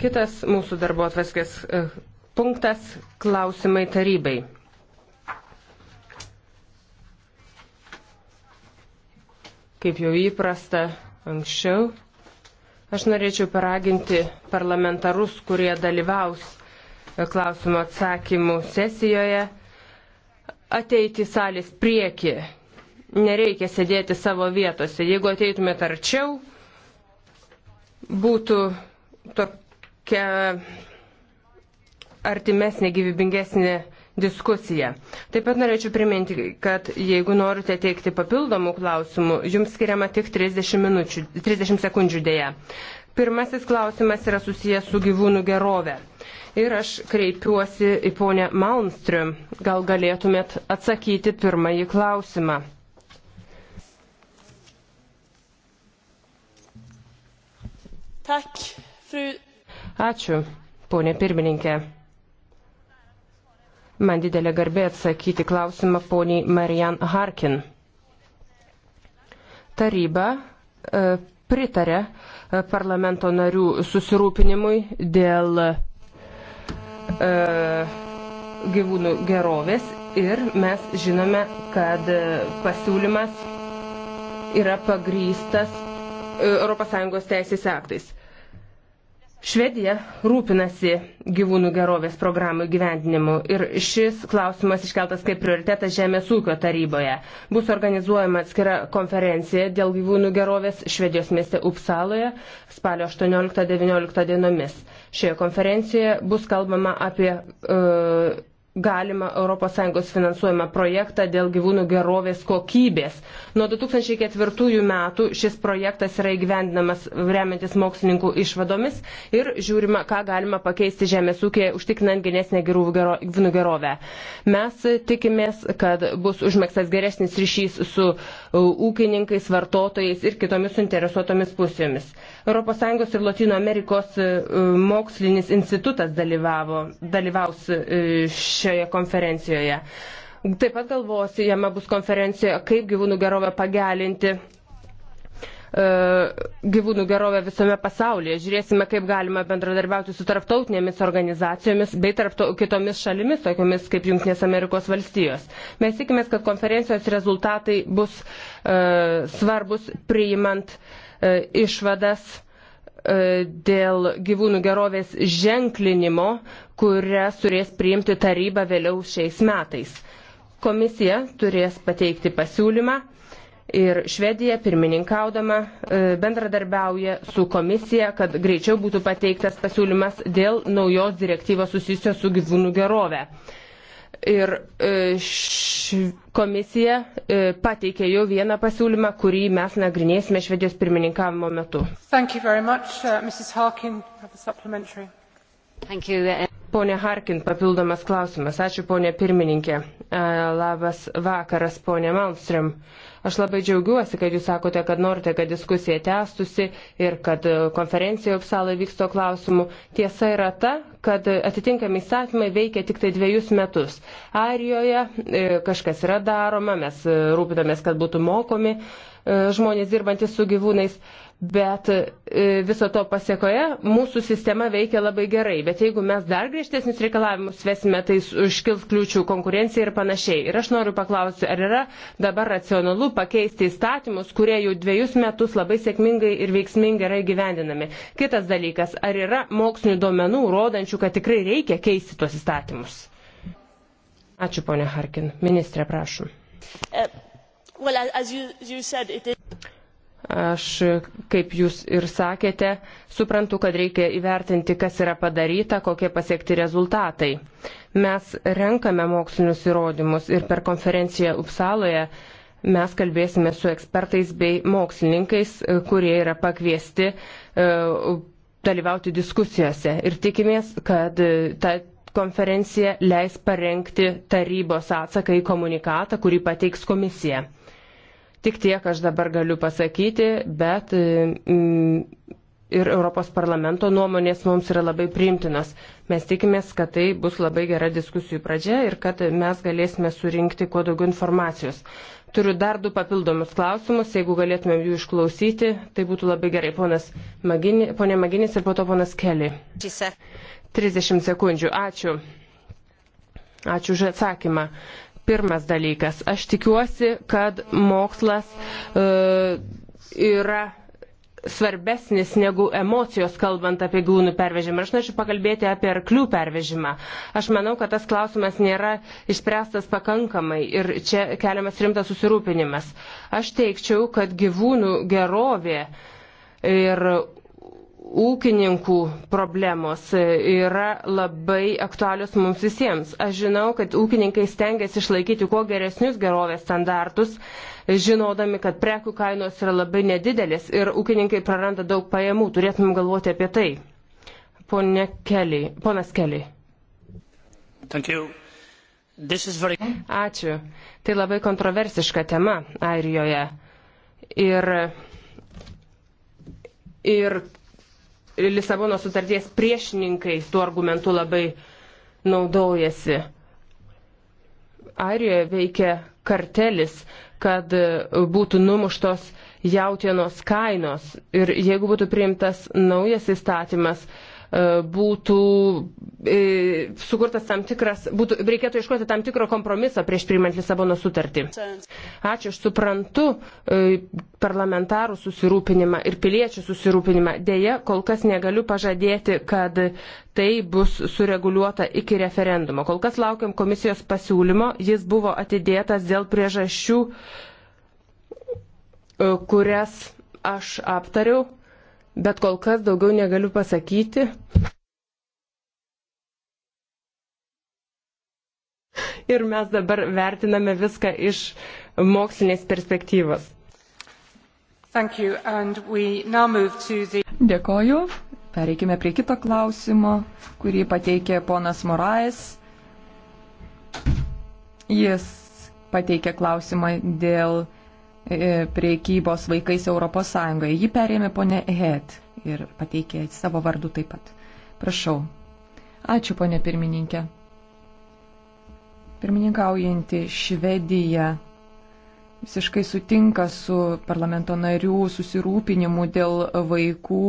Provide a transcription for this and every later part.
Kitas mūsų darbo atvaskės e, punktas - klausimai tarybai. Kaip jau įprasta anksčiau, aš norėčiau paraginti parlamentarus, kurie dalyvaus e, klausimo atsakymų sesijoje, ateiti į salės priekį. Nereikia sėdėti savo vietose. Jeigu ateitumėte arčiau, būtų to reikia artimesnė, gyvybingesnė diskusiją. Taip pat norėčiau priminti, kad jeigu norite teikti papildomų klausimų, jums skiriama tik 30, minučių, 30 sekundžių dėja. Pirmasis klausimas yra susijęs su gyvūnų gerove. Ir aš kreipiuosi į ponę Malmström. Gal galėtumėt atsakyti pirmąjį klausimą? Tak, fru Ačiū, ponė pirmininkė. Man didelė garbė atsakyti klausimą poniai Marian Harkin. Taryba e, pritarė e, parlamento narių susirūpinimui dėl e, gyvūnų gerovės ir mes žinome, kad pasiūlymas yra pagrystas ES teisės aktais. Švedija rūpinasi gyvūnų gerovės programų gyvendinimu ir šis klausimas iškeltas kaip prioritetas Žemės ūkio taryboje. Bus organizuojama atskira konferencija dėl gyvūnų gerovės Švedijos mieste Upsaloje spalio 18-19 dienomis. Šioje konferencijoje bus kalbama apie uh, galima ES finansuojamą projektą dėl gyvūnų gerovės kokybės. Nuo 2004 metų šis projektas yra įgyvendinamas remiantis mokslininkų išvadomis ir žiūrima, ką galima pakeisti žemės ūkėje, užtikrinant genesnę gyvūnų gerovę. Mes tikimės, kad bus užmėgstas geresnis ryšys su e, ūkininkais, vartotojais ir kitomis suinteresuotomis pusėmis. ES ir Latino Amerikos e, e, mokslinis institutas dalyvavo, dalyvaus šiame šioje konferencijoje. Taip pat galvosi, jame bus konferencija, kaip gyvūnų gerovę pagelinti e, gyvūnų gerovę visame pasaulyje. Žiūrėsime, kaip galima bendradarbiauti su tarptautinėmis organizacijomis bei tarpto, kitomis šalimis, tokiamis kaip Junktinės Amerikos valstijos. Mes tikime, kad konferencijos rezultatai bus uh, svarbus priimant uh, išvadas uh, E, dėl gyvūnų gerovės ženklinimo, kurias turės priimti taryba vėliau šiais metais. Komisija turės pateikti pasiūlymą ir Švedija pirmininkaudama e, bendradarbiauja su komisija, kad greičiau būtų pateiktas pasiūlymas dėl naujos direktyvos susijusios su gyvūnų gerove. Ir e, š... Komisija e, pateikė jau vieną pasiūlymą, kurį mes nagrinėsime švedijos pirmininkavimo metu. Pone Harkin, papildomas klausimas. Ačiū, ponė pirmininkė. E, labas vakaras, ponė Malmström. Aš labai džiaugiuosi, kad jūs sakote, kad norite, kad diskusija tęstusi ir kad konferencijoje apsalai vyksto klausimų. Tiesa yra ta, kad atitinkami įstatymai veikia tik tai dviejus metus. Arijoje e, kažkas yra daroma, mes e, rūpinamės, kad būtų mokomi žmonės dirbantis su gyvūnais. Bet e, viso to pasiekoje mūsų sistema veikia labai gerai. Bet jeigu mes dar griežtesnius reikalavimus vesime, tai užkils kliūčių konkurencija ir panašiai. Ir aš noriu paklausti, ar yra dabar racionalu pakeisti įstatymus, kurie jau dviejus metus labai sėkmingai ir veiksmingai yra įgyvendinami. Kitas dalykas, ar yra mokslinių duomenų rodančių, kad tikrai reikia keisti tuos įstatymus? Ačiū, ponia Harkin. Ministrė, prašom. Uh, well, as you, as you said, it is... Aš, kaip jūs ir sakėte, suprantu, kad reikia įvertinti, kas yra padaryta, kokie pasiekti rezultatai. Mes renkame mokslinius įrodymus ir per konferenciją Upsaloje mes kalbėsime su ekspertais bei mokslininkais, kurie yra pakviesti e, dalyvauti diskusijose. Ir tikimės, kad e, ta konferencija leis parengti tarybos atsaką į komunikatą, kurį pateiks komisija. Tik tiek aš dabar galiu pasakyti, bet mm, ir Europos parlamento nuomonės mums yra labai priimtinos. Mes tikimės, kad tai bus labai gera diskusijų pradžia ir kad mes galėsime surinkti kuo daugiau informacijos. Turiu dar du papildomus klausimus, jeigu galėtumėm jų išklausyti, tai būtų labai gerai. Ponas Magini, ponė Maginis ir po to ponas Keli. 30 sekundžių. Ačiū. Ačiū už atsakymą. Pirmas dalykas, aš tikiuosi, kad mokslas e, yra svarbesnis negu emocijos, kalbant apie gyvūnų pervežimą. Aš norėčiau pakalbėti apie arklių pervežimą. Aš manau, kad tas klausimas nėra išspręstas pakankamai ir čia keliamas rimtas susirūpinimas. Aš teikčiau, kad gyvūnų gerovė ir ūkininkų problemos yra labai aktualios mums visiems. Aš žinau, kad ūkininkai stengiasi išlaikyti kuo geresnius gerovės standartus, žinodami, kad prekių kainos yra labai nedidelės ir ūkininkai praranda daug pajamų. Turėtumėm galvoti apie tai. Pone Kelly, ponas Kelly. Very... Ačiū. Tai labai kontroversiška tema Airijoje. Ir, ir Lisabono sutarties priešininkai tuo argumentu labai naudojasi. Airijoje veikia kartelis, kad būtų numuštos jautienos kainos ir jeigu būtų priimtas naujas įstatymas, E, būtų e, sukurtas tam tikras, būtų, reikėtų iškoti tam tikro kompromiso prieš priimant Lisabono sutartį. Ačiū, aš suprantu e, parlamentarų susirūpinimą ir piliečių susirūpinimą. Deja, kol kas negaliu pažadėti, kad tai bus sureguliuota iki referendumo. Kol kas laukiam komisijos pasiūlymo, jis buvo atidėtas dėl priežasčių, kurias aš aptariau bet kol kas daugiau negaliu pasakyti. Ir mes dabar vertiname viską iš mokslinės perspektyvos. The... Dėkoju. Pereikime prie kito klausimo, kurį pateikė ponas Morais. Jis pateikė klausimą dėl E, priekybos vaikais ES. Ji perėmė ponę Het ir pateikė savo vardu taip pat. Prašau. Ačiū, ponė pirmininkė. Pirmininkaujanti Švedija visiškai sutinka su parlamento narių susirūpinimu dėl vaikų,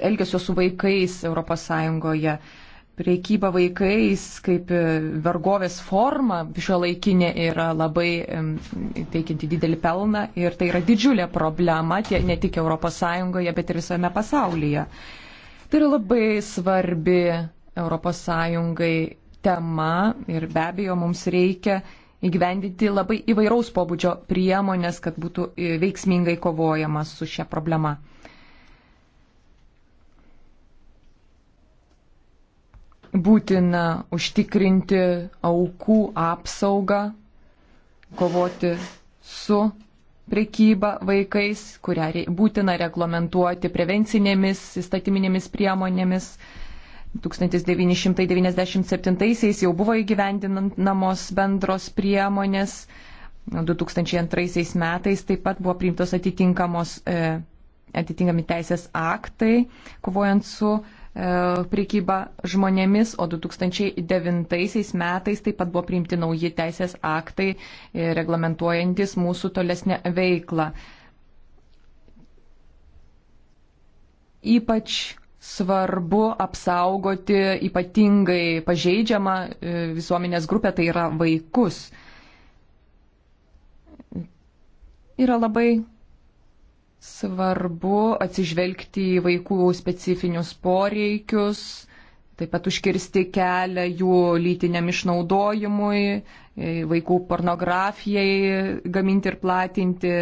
elgesio su vaikais ES priekyba vaikais kaip e, vergovės forma šio laikinė yra labai teikianti didelį pelną ir tai yra didžiulė problema tie, ne tik ES, bet ir visame pasaulyje. Tai yra labai svarbi ES tema ir be abejo mums reikia įgyvendinti labai įvairaus pobūdžio priemonės, kad būtų e, veiksmingai kovojama su šia problema. Būtina užtikrinti aukų apsaugą, kovoti su prekyba vaikais, kurią būtina reglamentuoti prevencinėmis įstatyminėmis priemonėmis. 1997-aisiais jau buvo įgyvendinamos bendros priemonės, 2002 metais taip pat buvo priimtos atitinkamos, e, atitinkami teisės aktai, kovojant su E, priekyba žmonėmis, o 2009 metais taip pat buvo priimti nauji teisės aktai e, reglamentuojantis mūsų tolesnę veiklą. Ypač svarbu apsaugoti ypatingai pažeidžiamą e, visuomenės grupę, tai yra vaikus. Yra labai Svarbu atsižvelgti į vaikų specifinius poreikius, taip pat užkirsti kelią jų lytiniam išnaudojimui, e, vaikų pornografijai gaminti ir platinti,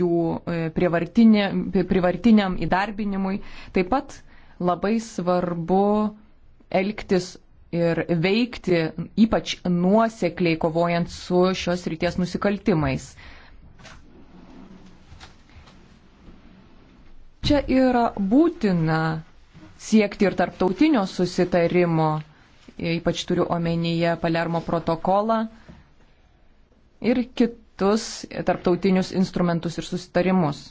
jų e, privartinė, privartiniam įdarbinimui. Taip pat labai svarbu elgtis ir veikti ypač nuosekliai kovojant su šios ryties nusikaltimais. Čia yra būtina siekti ir tarptautinio susitarimo, ypač turiu omenyje Palermo protokolą ir kitus tarptautinius instrumentus ir susitarimus.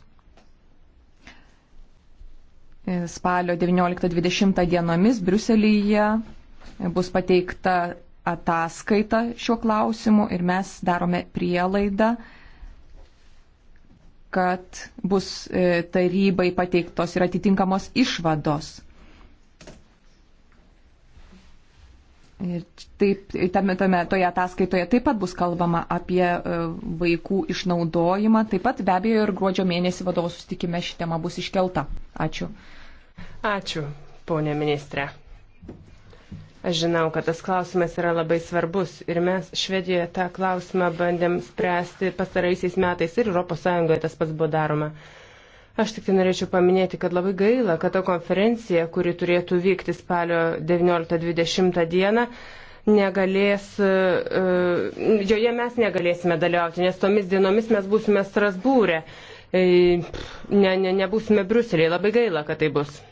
Spalio 19-20 dienomis Briuselyje bus pateikta ataskaita šiuo klausimu ir mes darome prielaidą, kad bus e, tarybai pateiktos ir atitinkamos išvados. Ir taip, tame, tame, toje ataskaitoje taip pat bus kalbama apie e, vaikų išnaudojimą. Taip pat be abejo ir gruodžio mėnesį vadovų sustikime ši tema bus iškelta. Ačiū. Ačiū, ponė ministrė. Aš žinau, kad tas klausimas yra labai svarbus ir mes Švedijoje tą klausimą bandėm spręsti pastaraisiais metais ir ES tas pats buvo daroma. Aš tik tai norėčiau paminėti, kad labai gaila, kad ta konferencija, kuri turėtų vykti spalio 19-20 dieną, negalės, e, e, joje mes negalėsime dalyvauti, nes tomis dienomis mes būsime Strasbūrė, e, ne, ne, nebūsime Bruselėje. Labai gaila, kad tai bus.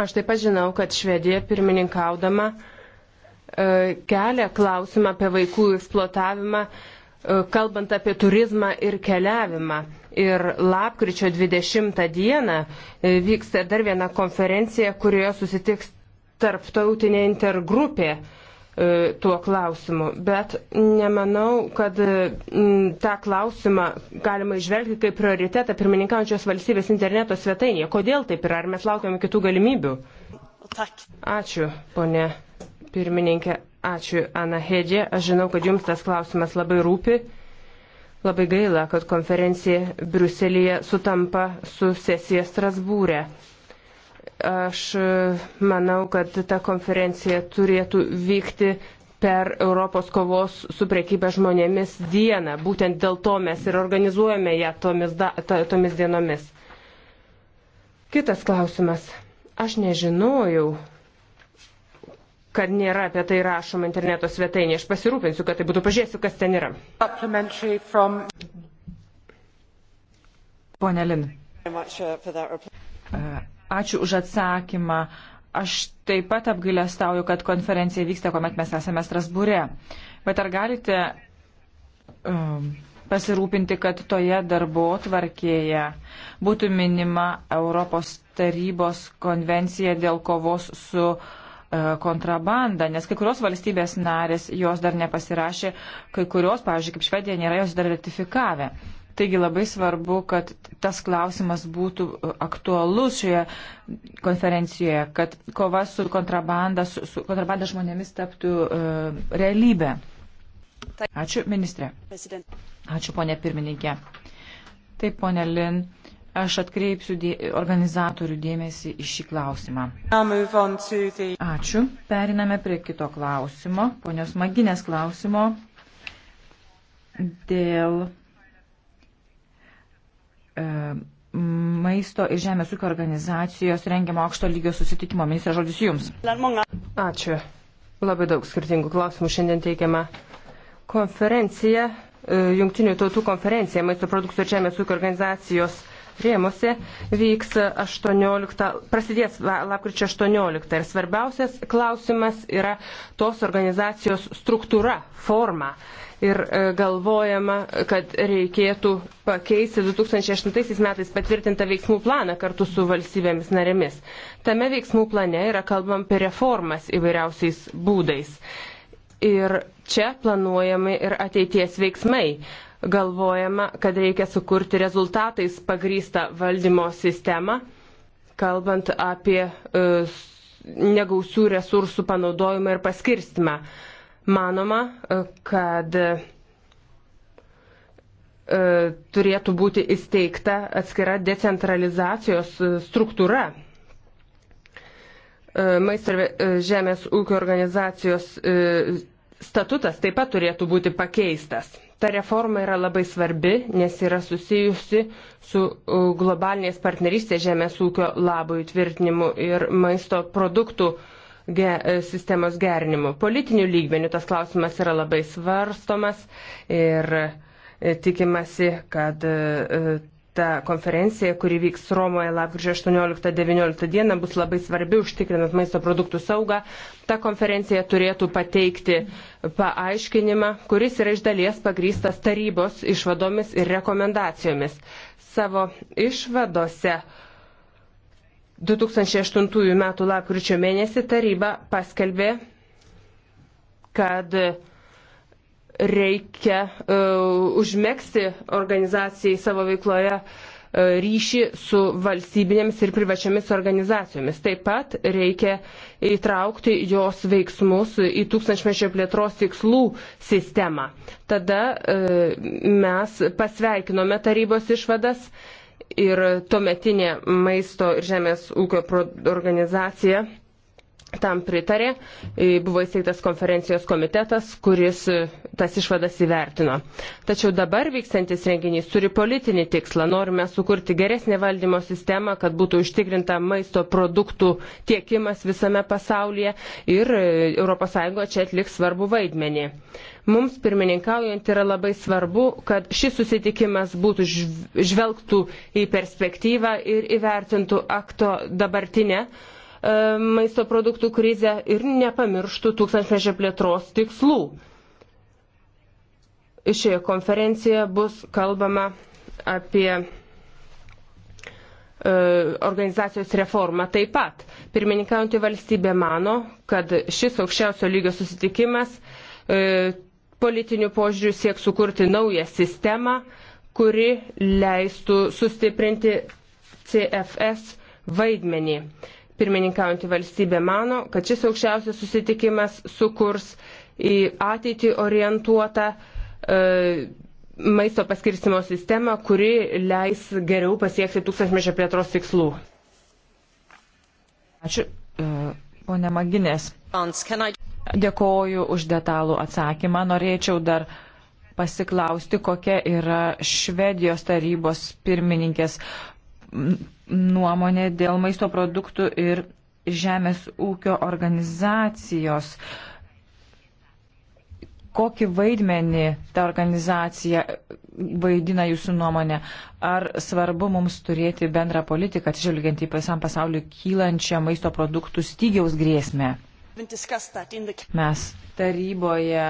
Aš taip pat žinau, kad Švedija pirmininkaudama e, kelia klausimą apie vaikų eksploatavimą, e, kalbant apie turizmą ir keliavimą. Ir lapkričio 20 dieną e, vyksta dar viena konferencija, kurioje susitiks tarptautinė intergrupė E, tuo klausimu, bet nemanau, kad e, tą klausimą galima išvelgti kaip prioritetą pirmininkaujančios valstybės interneto svetainėje. Kodėl taip yra? Ar mes laukiame kitų galimybių? Ačiū, ponė pirmininkė. Ačiū, Ana Hedė. Aš žinau, kad jums tas klausimas labai rūpi. Labai gaila, kad konferencija Briuselėje sutampa su sesija Strasbūrė. E. Aš manau, kad ta konferencija turėtų vykti per Europos kovos su priekybė žmonėmis dieną. Būtent dėl to mes ir organizuojame ją tomis, da, to, tomis dienomis. Kitas klausimas. Aš nežinojau, kad nėra apie tai rašoma interneto svetainė. Aš pasirūpinsiu, kad tai būtų pažiūrėsiu, kas ten yra. From... Pone Lin. Ačiū už atsakymą. Aš taip pat apgailestauju, kad konferencija vyksta, kuomet mes esame Strasbūre. Bet ar galite um, pasirūpinti, kad toje darbo tvarkėje būtų minima Europos tarybos konvencija dėl kovos su uh, e, kontrabandą, nes kai kurios valstybės narės jos dar nepasirašė, kai kurios, pavyzdžiui, kaip Švedija, nėra jos dar ratifikavę. Taigi labai svarbu, kad tas klausimas būtų e, aktualus šioje konferencijoje, kad kova su kontrabanda, su, su kontrabanda žmonėmis taptų uh, realybė. Ačiū, ministrė. Ačiū, ponė pirmininkė. Taip, ponė Lin, aš atkreipsiu dė... organizatorių dėmesį į šį klausimą. Ačiū. Periname prie kito klausimo, ponios Maginės klausimo dėl E, maisto ir žemės ūkio organizacijos rengiamo aukšto lygio susitikimo. Ministrė, žodis jums. Ačiū. Labai daug skirtingų klausimų šiandien teikiama. Konferencija, e, jungtinių tautų konferencija maisto produktų ir žemės ūkio organizacijos rėmose vyks 18, prasidės lapkričio 18 ir svarbiausias klausimas yra tos organizacijos struktūra, forma. Ir e, galvojama, kad reikėtų pakeisti 2008 metais patvirtintą veiksmų planą kartu su valstybėmis narėmis. Tame veiksmų plane yra kalbam apie reformas įvairiausiais būdais. Ir čia planuojami ir ateities veiksmai galvojama, kad reikia sukurti rezultatais pagrystą valdymo sistemą, kalbant apie e, negausių resursų panaudojimą ir paskirstimą. Manoma, e, kad e, turėtų būti įsteigta atskira decentralizacijos struktūra. Maisto ir žemės ūkio organizacijos statutas taip pat turėtų būti pakeistas. Ta reforma yra labai svarbi, nes yra susijusi su globalinės partnerystės žemės ūkio labo įtvirtinimu ir maisto produktų ge, e, sistemos gerinimu. Politinių lygmenių tas klausimas yra labai svarstomas ir e, tikimasi, kad e, ta konferencija, kuri vyks Romoje lapkričio 18-19 dieną, bus labai svarbi užtikrinant maisto produktų saugą. Ta konferencija turėtų pateikti paaiškinimą, kuris yra iš dalies pagrystas tarybos išvadomis ir rekomendacijomis. Savo išvadose 2008 m. lapkričio mėnesį taryba paskelbė, kad reikia uh, e, užmėgsti organizacijai savo veikloje uh, ryšį su valstybinėmis ir privačiamis organizacijomis. Taip pat reikia įtraukti jos veiksmus į tūkstančmečio plėtros tikslų sistemą. Tada e, mes pasveikinome tarybos išvadas ir tuometinė maisto ir žemės ūkio organizacija tam pritarė, e, buvo įsteigtas konferencijos komitetas, kuris e, tas išvadas įvertino. Tačiau dabar vykstantis renginys turi politinį tikslą. Norime sukurti geresnį valdymo sistemą, kad būtų užtikrinta maisto produktų tiekimas visame pasaulyje ir ES čia atliks svarbu vaidmenį. Mums pirmininkaujant yra labai svarbu, kad šis susitikimas būtų žvelgtų į perspektyvą ir įvertintų akto dabartinę E, maisto produktų krizę ir nepamirštų tūkstantmečio plėtros tikslų. Šioje konferencijoje bus kalbama apie e, organizacijos reformą taip pat. Pirmininkaujantį valstybę mano, kad šis aukščiausio lygio susitikimas e, politinių požiūrių sieks sukurti naują sistemą, kuri leistų sustiprinti CFS vaidmenį. Pirmininkaujantį valstybę mano, kad šis aukščiausias susitikimas sukurs į ateitį orientuotą e, maisto paskirstimo sistemą, kuri leis geriau pasiekti tūkstantmečio plėtros tikslų. Ačiū, e, ponė Maginės. Dėkoju už detalų atsakymą. Norėčiau dar pasiklausti, kokia yra Švedijos tarybos pirmininkės nuomonė dėl maisto produktų ir žemės ūkio organizacijos. Kokį vaidmenį ta organizacija vaidina jūsų nuomonė? Ar svarbu mums turėti bendrą politiką, atsižvelgiant į visam pasauliu kylančią maisto produktų stygiaus grėsmę? Mes taryboje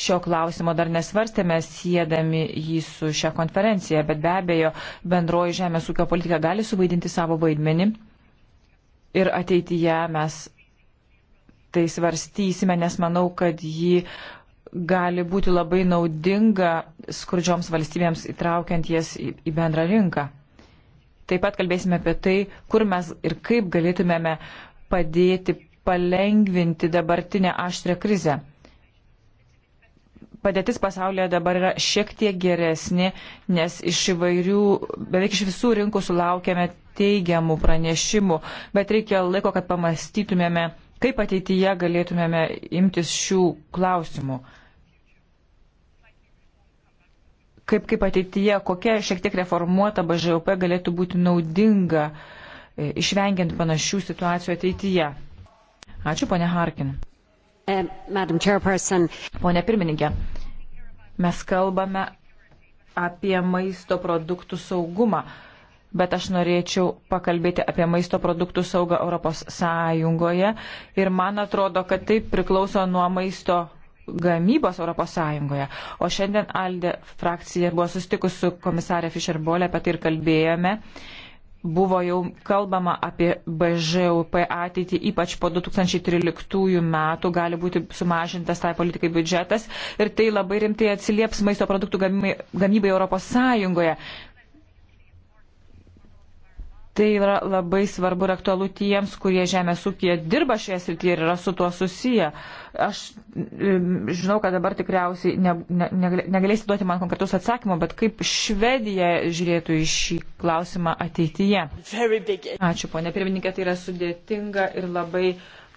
šio klausimo dar nesvarstėme, siedami jį su šią konferenciją, bet be abejo bendroji žemės ūkio politika gali suvaidinti savo vaidmenį ir ateityje mes tai svarstysime, nes manau, kad ji gali būti labai naudinga skurdžioms valstybėms įtraukiant jas į, į bendrą rinką. Taip pat kalbėsime apie tai, kur mes ir kaip galėtumėme padėti palengvinti dabartinę aštrę krizę. Padėtis pasaulyje dabar yra šiek tiek geresnė, nes iš įvairių, beveik iš visų rinkų sulaukėme teigiamų pranešimų, bet reikia laiko, kad pamastytumėme, kaip ateityje galėtumėme imtis šių klausimų. Kaip, kaip ateityje, kokia šiek tiek reformuota BŽUP galėtų būti naudinga, e, išvengiant panašių situacijų ateityje. Ačiū, ponė Harkin. E, Pone pirmininkė, mes kalbame apie maisto produktų saugumą, bet aš norėčiau pakalbėti apie maisto produktų saugą Europos Sąjungoje ir man atrodo, kad tai priklauso nuo maisto gamybos Europos Sąjungoje. O šiandien Alde frakcija buvo sustikus su komisarė Fischer Bolė, apie tai ir kalbėjome. Uh, buvo jau kalbama apie BŽUP ateitį, ypač po 2013 metų gali būti sumažintas tai politikai biudžetas ir tai labai rimtai atsilieps maisto produktų gamybai, gamybai Europos Sąjungoje. Tai yra labai svarbu ir aktualu tiems, kurie žemės ūkija dirba šioje srityje ir yra su tuo susiję. Aš žinau, kad dabar tikriausiai ne, ne, negalėsite duoti man konkretus atsakymą, bet kaip Švedija žiūrėtų į šį klausimą ateityje. Ačiū, ponė pirmininkė, tai yra sudėtinga ir labai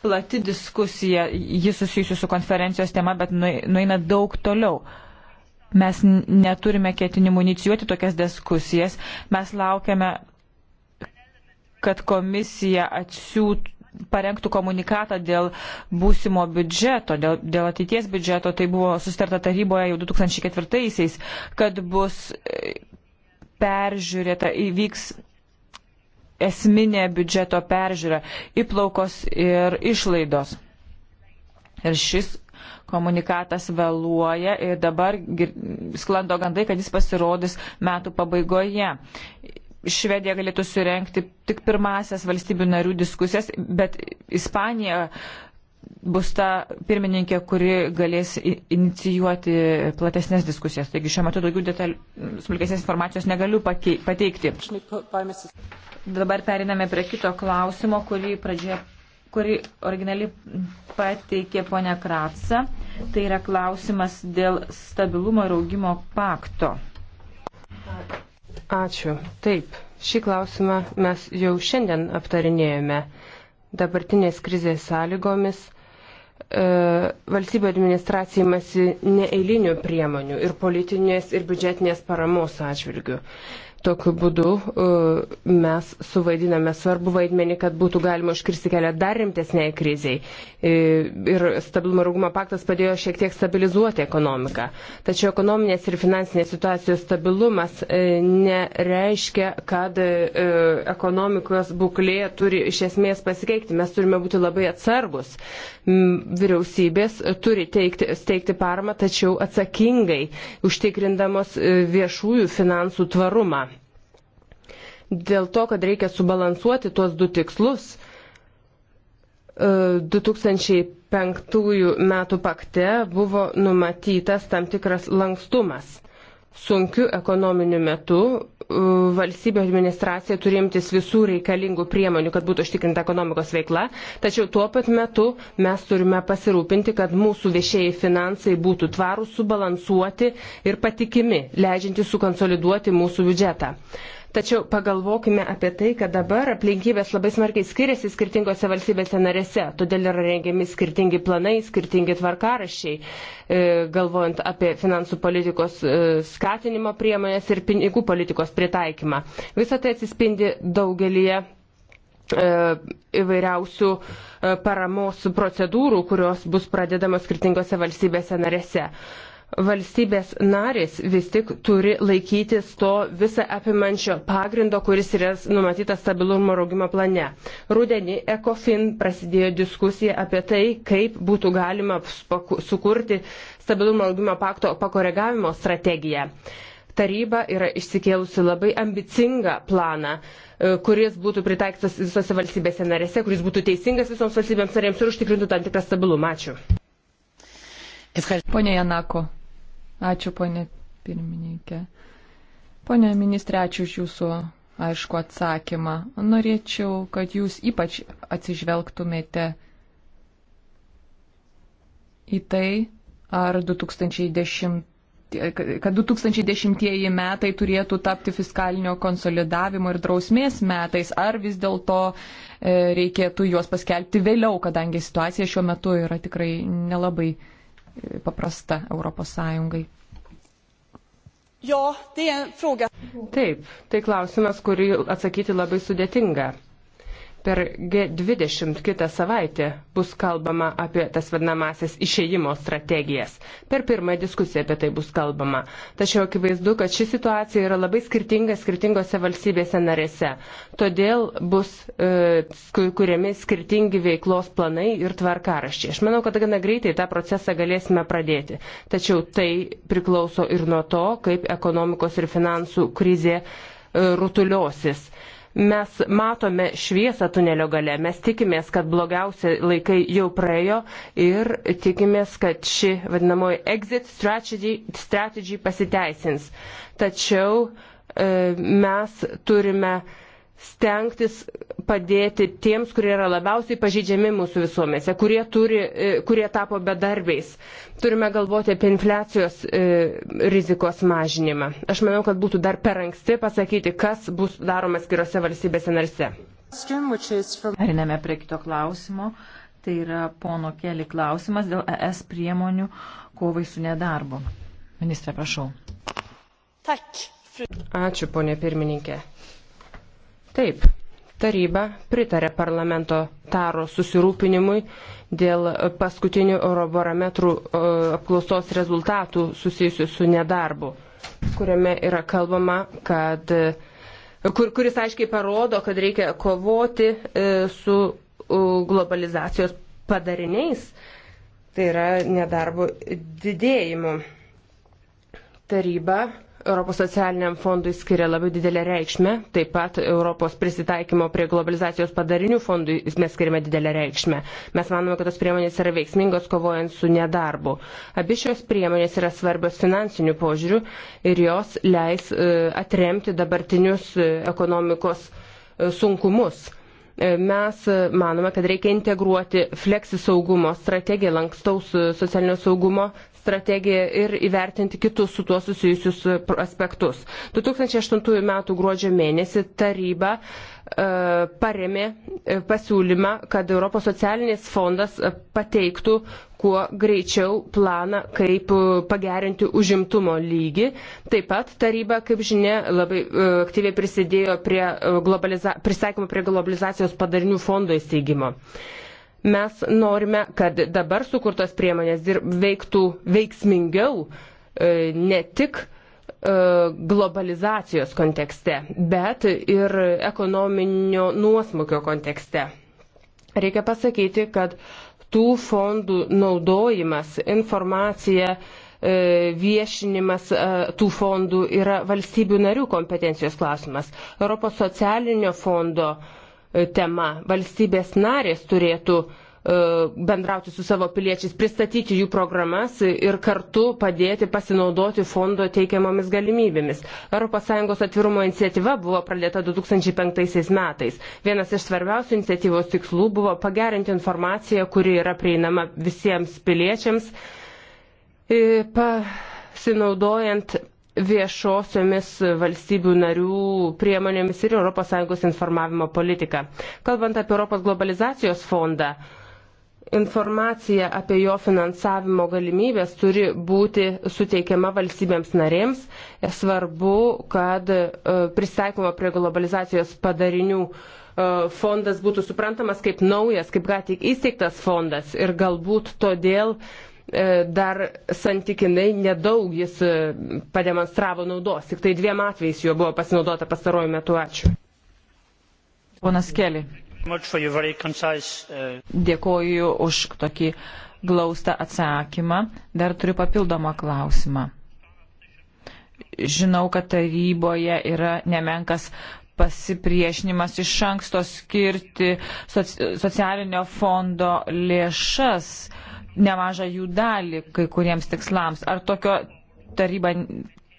plati diskusija, ji susijusi su konferencijos tema, bet nueina daug toliau mes neturime ketinimų inicijuoti tokias diskusijas, mes laukiame kad komisija atsiūt, parengtų komunikatą dėl būsimo biudžeto, dėl, dėl ateities biudžeto, tai buvo sustarta taryboje jau 2004-aisiais, kad bus e, peržiūrėta, įvyks esminė biudžeto peržiūra, įplaukos ir išlaidos. Ir šis komunikatas vėluoja ir dabar sklando gandai, kad jis pasirodys metų pabaigoje. Švedija galėtų surenkti tik pirmasias valstybių narių diskusijas, bet Ispanija bus ta pirmininkė, kuri galės inicijuoti platesnės diskusijas. Taigi šiuo metu daugiau detal... smulkesnės informacijos negaliu pateikti. Dabar periname prie kito klausimo, kurį, pradžioje, kurį originaliai pateikė ponia Kratsa. Tai yra klausimas dėl stabilumo ir augimo pakto. Ačiū. Taip, šį klausimą mes jau šiandien aptarinėjome. Dabartinės krizės sąlygomis e, valstybė administracija imasi neeilinių priemonių ir politinės, ir biudžetinės paramos atžvilgių. Tokiu būdu e, mes suvaidiname svarbu vaidmenį, kad būtų galima užkirsti kelią dar rimtesniai kriziai. E, ir stabilumo rūgumo paktas padėjo šiek tiek stabilizuoti ekonomiką. Tačiau ekonominės ir finansinės situacijos stabilumas e, nereiškia, kad ekonomikos būklė turi iš esmės pasikeikti. Mes turime būti labai atsargus. Vyriausybės turi teikti, steigti paramą, tačiau atsakingai užtikrindamos viešųjų finansų tvarumą dėl to, kad reikia subalansuoti tuos du tikslus. 2005 e, metų pakte buvo numatytas tam tikras lankstumas. Sunkiu ekonominiu metu e, valstybė administracija turi imtis visų reikalingų priemonių, kad būtų užtikrinta ekonomikos veikla, tačiau tuo pat metu mes turime pasirūpinti, kad mūsų viešieji finansai būtų tvarūs, subalansuoti ir patikimi, leidžianti sukonsoliduoti mūsų biudžetą. Tačiau pagalvokime apie tai, kad dabar aplinkybės labai smarkiai skiriasi skirtingose valstybėse narėse, todėl yra rengiami skirtingi planai, skirtingi tvarkarašiai, e, galvojant apie finansų politikos e, skatinimo priemonės ir pinigų politikos pritaikymą. Visą tai atsispindi daugelyje e, įvairiausių paramos procedūrų, kurios bus pradedamos skirtingose valstybėse narėse valstybės narės vis tik turi laikytis to visą apimančio pagrindo, kuris yra numatytas stabilumo raugimo plane. Rudenį ECOFIN prasidėjo diskusija apie tai, kaip būtų galima sukurti stabilumo raugimo pakto pakoregavimo strategiją. Taryba yra išsikėlusi labai ambicingą planą, e, kuris būtų pritaikytas visose valstybėse narėse, kuris būtų teisingas visoms valstybėms narėms ir užtikrintų tam tikrą stabilumą. Ačiū. Pone Janako, Ačiū, ponė pirmininkė. Pone ministrė, ačiū už jūsų aišku atsakymą. Norėčiau, kad jūs ypač atsižvelgtumėte į tai, ar 2010 kad 2010 metai turėtų tapti fiskalinio konsolidavimo ir drausmės metais, ar vis dėlto e, reikėtų juos paskelbti vėliau, kadangi situacija šiuo metu yra tikrai nelabai paprasta Europos Sąjungai? Jo, tai, Taip, tai klausimas, kurį atsakyti labai sudėtinga. Per G20 kitą savaitę bus kalbama apie tas vadinamasias išėjimo strategijas. Per pirmąją diskusiją apie tai bus kalbama. Tačiau akivaizdu, kad ši situacija yra labai skirtinga skirtingose valstybėse narėse. Todėl bus e, kuriami skirtingi veiklos planai ir tvarkaraščiai. Aš manau, kad gana greitai tą procesą galėsime pradėti. Tačiau tai priklauso ir nuo to, kaip ekonomikos ir finansų krizė e, rutuliosis. E, Mes matome šviesą tunelio gale, mes tikimės, kad blogiausi laikai jau praėjo ir tikimės, kad ši vadinamoji exit strategy, strategy pasiteisins. Tačiau e, mes turime stengtis padėti tiems, kurie yra labiausiai pažydžiami mūsų visuomėse, kurie, turi, e, kurie tapo bedarbiais. Turime galvoti apie infliacijos e, rizikos mažinimą. Aš manau, kad būtų dar per anksti pasakyti, kas bus daroma skiriose valstybėse narse. Periname prie kito klausimo. Tai yra pono Keli klausimas dėl ES priemonių kovai su nedarbu. Ministrė, prašau. Tak. Ačiū, ponė pirmininkė. Taip, taryba pritarė parlamento taro susirūpinimui dėl paskutinių Eurobarometrų e, apklausos rezultatų susijusių su nedarbu, kuriame yra kalbama, kad e, kur, kuris aiškiai parodo, kad reikia kovoti e, su globalizacijos padariniais, tai yra nedarbo didėjimu. Taryba Europos socialiniam fondui skiria labai didelę reikšmę, taip pat Europos prisitaikymo prie globalizacijos padarinių fondui mes skiriame didelę reikšmę. Mes manome, kad tos priemonės yra veiksmingos kovojant su nedarbu. Abi šios priemonės yra svarbios finansinių požiūrių ir jos leis e, atremti dabartinius e, ekonomikos e, sunkumus. Mes manome, kad reikia integruoti fleksi saugumo strategiją, lankstaus socialinio saugumo strategiją ir įvertinti kitus su tuo susijusius e, aspektus. 2008 m. gruodžio mėnesį taryba e, paremė e, pasiūlymą, kad Europos socialinis fondas pateiktų kuo greičiau planą, kaip pagerinti užimtumo lygį. Taip pat taryba, kaip žinia, labai aktyviai prisidėjo prie prisaikymo prie globalizacijos padarinių fondo įsteigimo. Mes norime, kad dabar sukurtos priemonės veiktų veiksmingiau e, ne tik e, globalizacijos kontekste, bet ir ekonominio nuosmukio kontekste. Reikia pasakyti, kad tų fondų naudojimas, informacija, e, viešinimas tų fondų yra valstybių narių kompetencijos klausimas. Europos socialinio fondo uh, tema. Valstybės narės turėtų e, bendrauti su savo piliečiais, pristatyti jų programas ir kartu padėti pasinaudoti fondo teikiamomis galimybėmis. ES atvirumo iniciatyva buvo pradėta 2005 metais. Vienas iš svarbiausių iniciatyvos tikslų buvo pagerinti informaciją, kuri yra prieinama visiems piliečiams, e, pasinaudojant viešosiomis valstybių narių priemonėmis ir ES informavimo politika. Kalbant apie Europos globalizacijos fondą, informacija apie jo finansavimo galimybės turi būti suteikiama valstybėms narėms. Svarbu, kad e, pristaikymo prie globalizacijos padarinių e, fondas būtų suprantamas kaip naujas, kaip ką tik įsteigtas fondas ir galbūt todėl uh, E, dar santykinai nedaug jis e, pademonstravo naudos. Tik tai dviem atvejais juo buvo pasinaudota pastaruoju metu. Ačiū. Ponas Keli. E, Dėkoju už tokį glaustą atsakymą. Dar turiu papildomą klausimą. Žinau, kad taryboje yra nemenkas pasipriešinimas iš anksto skirti soci, socialinio fondo lėšas uh, nemažą jų dalį kai kuriems tikslams. Ar tokio taryba,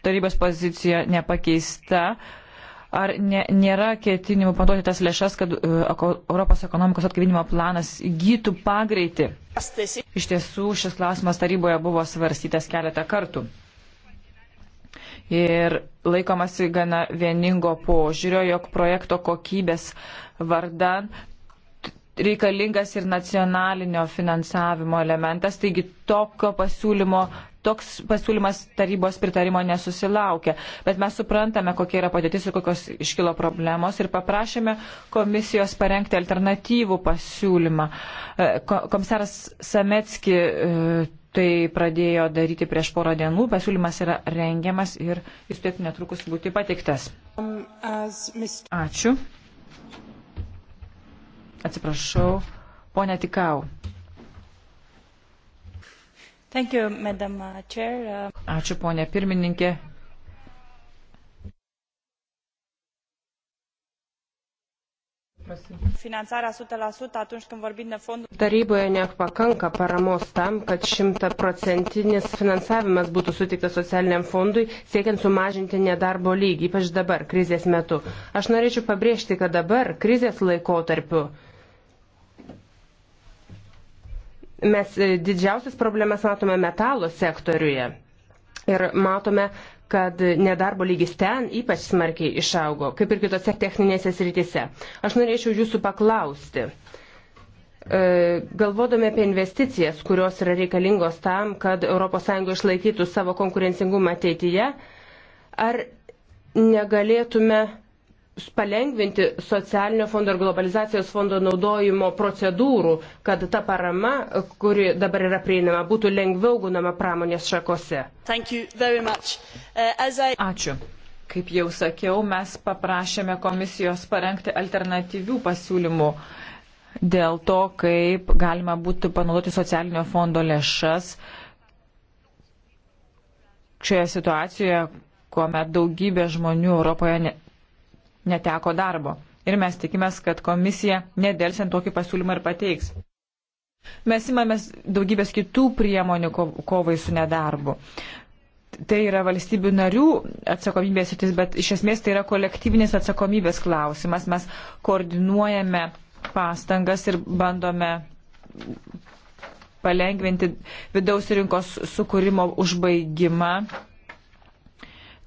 tarybos pozicija nepakeista? Ar ne, nėra ketinimų panduoti tas lėšas, kad uh, Europos ekonomikos atgyvinimo planas įgytų pagreitį? Iš tiesų, šis klausimas taryboje buvo svarstytas keletą kartų. Ir laikomasi gana vieningo požiūrio, jog projekto kokybės vardan reikalingas ir nacionalinio finansavimo elementas, taigi tokio pasiūlymo. Toks pasiūlymas tarybos pritarimo nesusilaukė, bet mes suprantame, kokia yra padėtis ir kokios iškilo problemos ir paprašėme komisijos parengti alternatyvų pasiūlymą. E, komisaras Sametski e, tai pradėjo daryti prieš porą dienų, pasiūlymas yra rengiamas ir jis turėtų netrukus būti pateiktas. Um, Ačiū. Atsiprašau, ponia Tikau. Thank you, Madam Chair. Ačiū, ponia pirmininkė. Finanțarea 100% atunci când vorbim de fondul. Taryboje nepakanka paramos tam, kad šimtaprocentinis finansavimas būtų sutiktas socialiniam fondui, siekiant sumažinti nedarbo lygį, ypač dabar, krizės metu. Aš norėčiau pabrėžti, kad dabar, krizės laikotarpiu, Mes e, didžiausias problemas matome metalo sektoriuje ir matome, kad nedarbo lygis ten ypač smarkiai išaugo, kaip ir kitose techninėse srityse. Aš norėčiau jūsų paklausti, e, galvodami apie investicijas, kurios yra reikalingos tam, kad ES išlaikytų savo konkurencingumą ateityje, ar negalėtume palengvinti socialinio fondo ir globalizacijos fondo naudojimo procedūrų, kad ta parama, kuri dabar yra prieinama, būtų lengviau gunama pramonės šakose. Uh, I... Ačiū. Kaip jau sakiau, mes paprašėme komisijos parengti alternatyvių pasiūlymų dėl to, kaip galima būtų panaudoti socialinio fondo lėšas šioje situacijoje, kuomet daugybė žmonių Europoje ne neteko darbo. Ir mes tikimės, kad komisija nedelsiant tokį pasiūlymą ir pateiks. Mes imamės daugybės kitų priemonių kovai su nedarbu. Tai yra valstybių narių atsakomybės sritis, bet iš esmės tai yra kolektyvinės atsakomybės klausimas. Mes koordinuojame pastangas ir bandome palengventi vidaus rinkos sukūrimo užbaigimą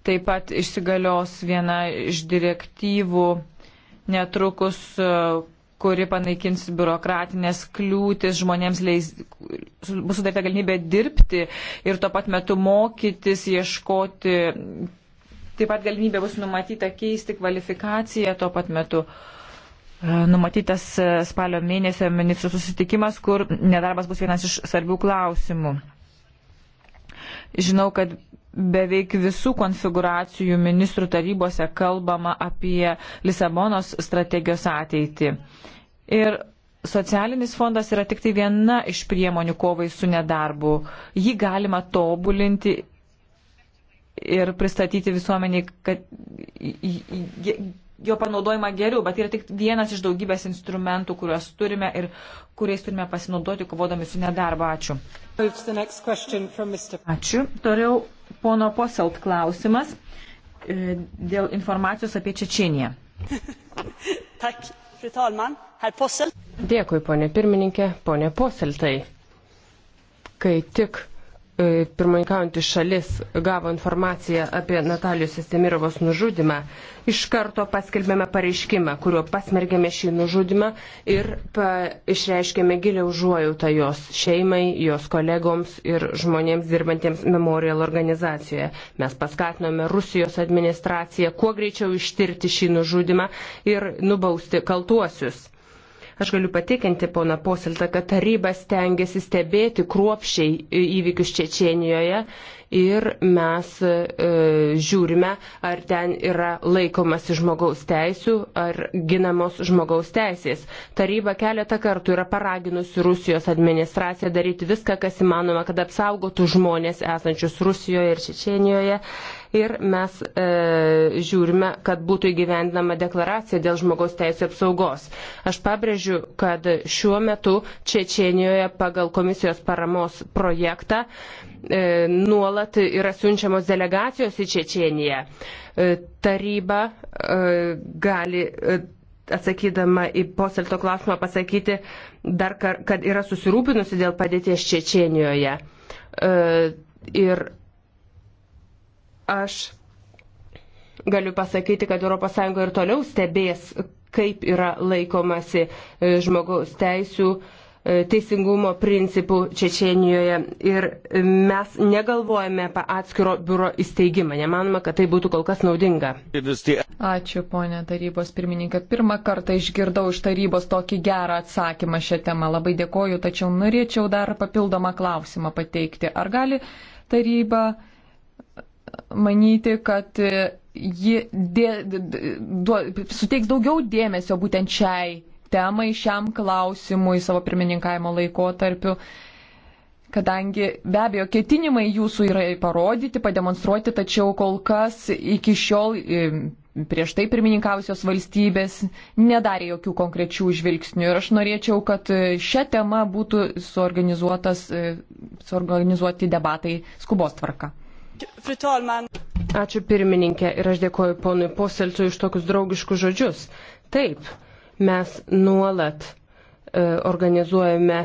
Taip pat išsigalios viena iš direktyvų netrukus, kuri panaikins biurokratinės kliūtis, žmonėms leis, bus sudaryta galimybė dirbti ir tuo pat metu mokytis, ieškoti. Taip pat galimybė bus numatyta keisti kvalifikaciją tuo pat metu. E, numatytas e, spalio mėnesio ministrų susitikimas, kur nedarbas bus vienas iš svarbių klausimų. Žinau, kad beveik visų konfiguracijų ministrų tarybose kalbama apie Lisabonos strategijos ateitį. Ir socialinis fondas yra tik tai viena iš priemonių kovai su nedarbu. Jį galima tobulinti ir pristatyti visuomeniai, kad jo panaudojimą geriau, bet yra tik vienas iš daugybės instrumentų, kuriuos turime ir kuriais turime pasinaudoti kovodami su nedarbu. Ačiū. Ačiū. Toliau pono Poselt klausimas e, dėl informacijos apie Čečiniją. Dėkui, ponė pirmininkė, ponė Poseltai. Kai tik E, pirmininkaujantis šalis gavo informaciją apie Natalijos Sestemirovos nužudimą, iš karto paskelbėme pareiškimą, kuriuo pasmergėme šį nužudimą ir išreiškėme gilę užuojautą jos šeimai, jos kolegoms ir žmonėms dirbantiems Memorial organizacijoje. Mes paskatinome Rusijos administraciją kuo greičiau ištirti šį nužudimą ir nubausti kaltuosius. Aš galiu patikinti pona Posiltą, kad taryba stengiasi stebėti kruopšiai įvykius Čečienijoje ir mes e, žiūrime, ar ten yra laikomasi žmogaus teisų, ar ginamos žmogaus teisės. Taryba keletą kartų yra paraginusi Rusijos administraciją daryti viską, kas įmanoma, kad apsaugotų žmonės esančius Rusijoje ir Čečienijoje ir mes e, žiūrime, kad būtų įgyvendinama deklaracija dėl žmogaus teisų apsaugos. Aš pabrėžiu, kad šiuo metu Čečienijoje pagal komisijos paramos projektą e, nuolat yra siunčiamos delegacijos į Čečieniją. E, taryba e, gali. E, atsakydama į poselto klausimą pasakyti dar, kad yra susirūpinusi dėl padėties Čečienijoje. E, ir Aš galiu pasakyti, kad ES ir toliau stebės, kaip yra laikomasi e, žmogaus teisų e, teisingumo principų Čečienijoje ir e, mes negalvojame apie atskiro biuro įsteigimą. Nemanome, kad tai būtų kol kas naudinga. Ačiū, ponė tarybos pirmininkė. Pirmą kartą išgirdau iš tarybos tokį gerą atsakymą šią temą. Labai dėkoju, tačiau norėčiau dar papildomą klausimą pateikti. Ar gali taryba manyti, kad ji dė, duo, suteiks daugiau dėmesio būtent šiai temai, šiam klausimui savo pirmininkavimo laikotarpiu. Kadangi be abejo ketinimai jūsų yra parodyti, pademonstruoti, tačiau kol kas iki šiol e, prieš tai pirmininkavusios valstybės nedarė jokių konkrečių žvilgsnių. Ir aš norėčiau, kad šią temą būtų e, suorganizuoti debatai skubos tvarka. Fru talman. Ačiū pirmininkė ir aš dėkoju ponui Poselcui už tokius draugiškus žodžius. Taip, mes nuolat e, organizuojame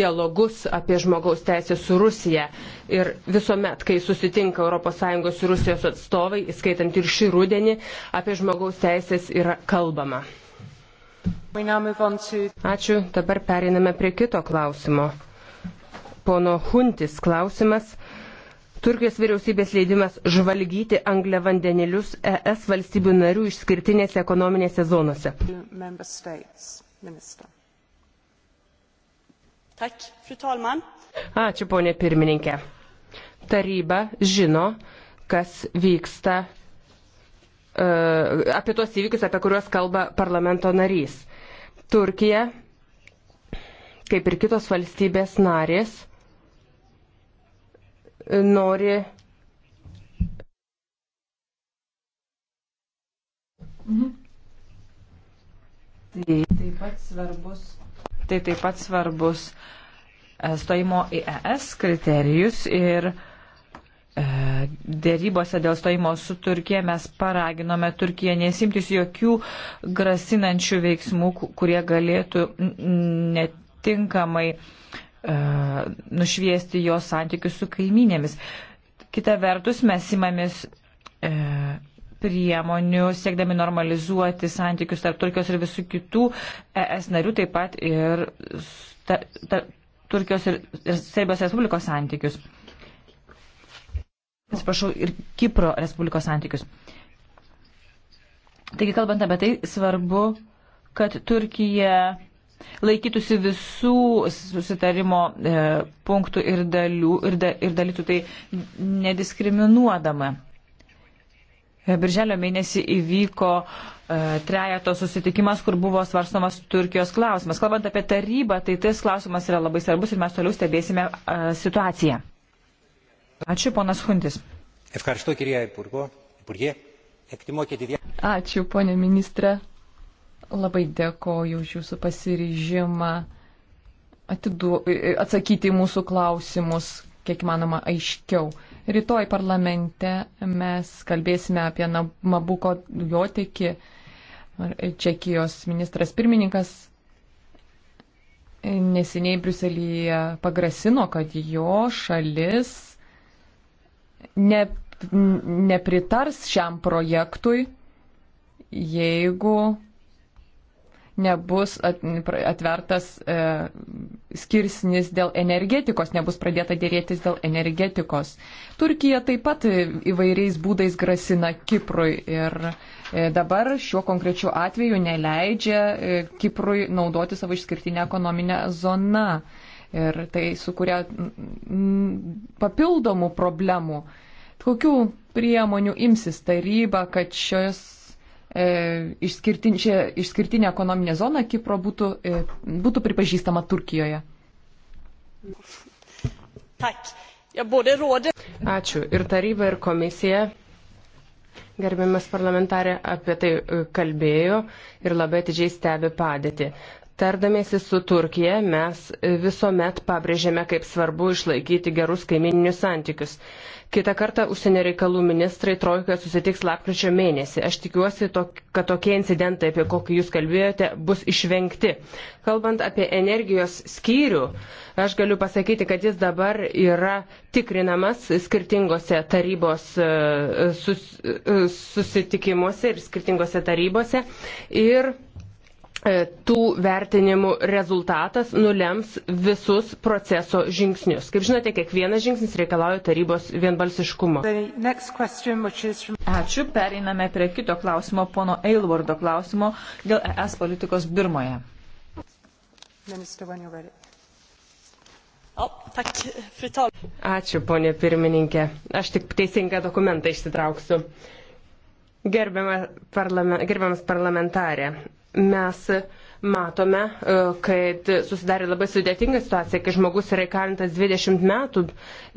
dialogus apie žmogaus teisės su Rusija. Ir visuomet, kai susitinka ES ir Rusijos atstovai, įskaitant ir šį rudenį, apie žmogaus teisės yra kalbama. Ačiū. Dabar periname prie kito klausimo. Pono Huntis klausimas Turkijos vyriausybės leidimas žvalgyti angliavandenilius ES valstybių narių išskirtinėse ekonominėse zonose. Ačiū, ponė pirmininkė. Taryba žino, kas vyksta, e, apie tuos įvykius, apie kuriuos kalba parlamento narys. Turkija, kaip ir kitos valstybės narės, nori Mhm. Tai taip pat svarbus, tai taip pat svarbus e, stojimo į ES kriterijus ir e, dėrybose dėl stojimo su Turkija mes paraginome Turkiją nesimtis jokių grasinančių veiksmų, kurie galėtų netinkamai E, nušviesti jos santykius su kaiminėmis. Kita vertus, mes įmamės e, priemonių, siekdami normalizuoti santykius tarp Turkijos ir visų kitų ES narių, taip pat ir ta, ta, Turkijos ir, ir Serbijos Respublikos santykius. Atsiprašau, ir Kipro Respublikos santykius. Taigi, kalbant apie tai, svarbu, kad Turkija laikytųsi visų susitarimo e, punktų ir, dalių, ir, da, ir dalytų tai nediskriminuodama. E, birželio mėnesį įvyko e, trejato susitikimas, kur buvo svarstomas Turkijos klausimas. Kalbant apie tarybą, tai tas klausimas yra labai svarbus ir mes toliau stebėsime e, situaciją. Ačiū, ponas Huntis. Ačiū, ponė ministrė. Labai dėkoju už jūsų pasiryžimą atidu, atsakyti į mūsų klausimus, kiek manoma, aiškiau. Rytoj parlamente mes kalbėsime apie Mabuko dujotekį. Čekijos ministras pirmininkas neseniai Briuselyje pagrasino, kad jo šalis ne, nepritars šiam projektui, jeigu nebus atvertas e, skirsnis dėl energetikos, nebus pradėta dėrėtis dėl energetikos. Turkija taip pat įvairiais būdais grasina Kiprui ir e, dabar šiuo konkrečiu atveju neleidžia e, Kiprui naudoti savo išskirtinę ekonominę zoną. Ir tai sukuria papildomų problemų. Kokių priemonių imsis taryba, kad šios E, išskirtin, šią išskirtinę ekonominę zoną Kipro būtų, e, būtų pripažįstama Turkijoje. Ačiū. Ir taryba, ir komisija, gerbiamas parlamentarė, apie tai e, kalbėjo ir labai atidžiai stebi padėtį. Tardamėsi su Turkija, mes visuomet pabrėžėme, kaip svarbu išlaikyti gerus kaimininius santykius. Kita karta užsienio reikalų ministrai trojkoje susitiks lapkričio mėnesį. Aš tikiuosi, kad tokie incidentai, apie kokį jūs kalbėjote, bus išvengti. Kalbant apie energijos skyrių, aš galiu pasakyti, kad jis dabar yra tikrinamas skirtingose tarybos e, sus, e, susitikimuose ir skirtingose tarybose. Ir E, tų vertinimų rezultatas nulems visus proceso žingsnius. Kaip žinote, kiekvienas žingsnis reikalauja tarybos vienbalsiškumo. Question, from... Ačiū. Pereiname prie kito klausimo, pono Eilvardo klausimo dėl ES politikos Birmoje. Minister, Ačiū, ponė pirmininkė. Aš tik teisingą dokumentą išsitrauksiu. Gerbiama parlame, gerbiamas parlamentarė, mes matome, e, kad susidarė labai sudėtinga situacija, kai žmogus yra įkalintas 20 metų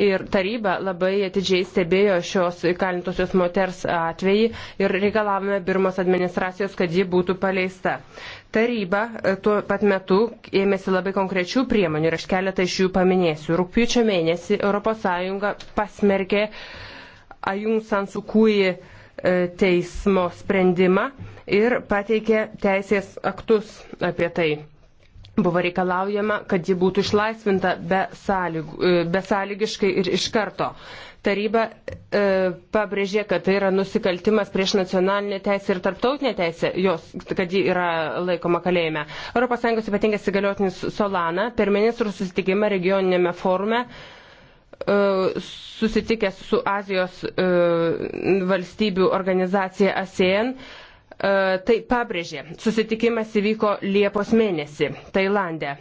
ir taryba labai atidžiai stebėjo šios įkalintosios moters atvejį ir reikalavome Birmos administracijos, kad ji būtų paleista. Taryba e, tuo pat metu ėmėsi labai konkrečių priemonių ir aš keletą iš jų paminėsiu. Rūpiučio mėnesį ES pasmerkė Ajung Sansukui E, teismo sprendimą ir pateikė teisės aktus apie tai. Buvo reikalaujama, kad ji būtų išlaisvinta e, besąlygiškai be ir iš karto. Taryba e, pabrėžė, kad tai yra nusikaltimas prieš nacionalinę teisę ir tarptautinę teisę, jos, kad ji yra laikoma kalėjime. ES ypatingas įgaliotinis Solana per ministrų susitikimą regioninėme forume e, E, susitikęs su Azijos e, valstybių organizacija ASEAN, e, tai pabrėžė. Susitikimas įvyko Liepos mėnesį Tailandė.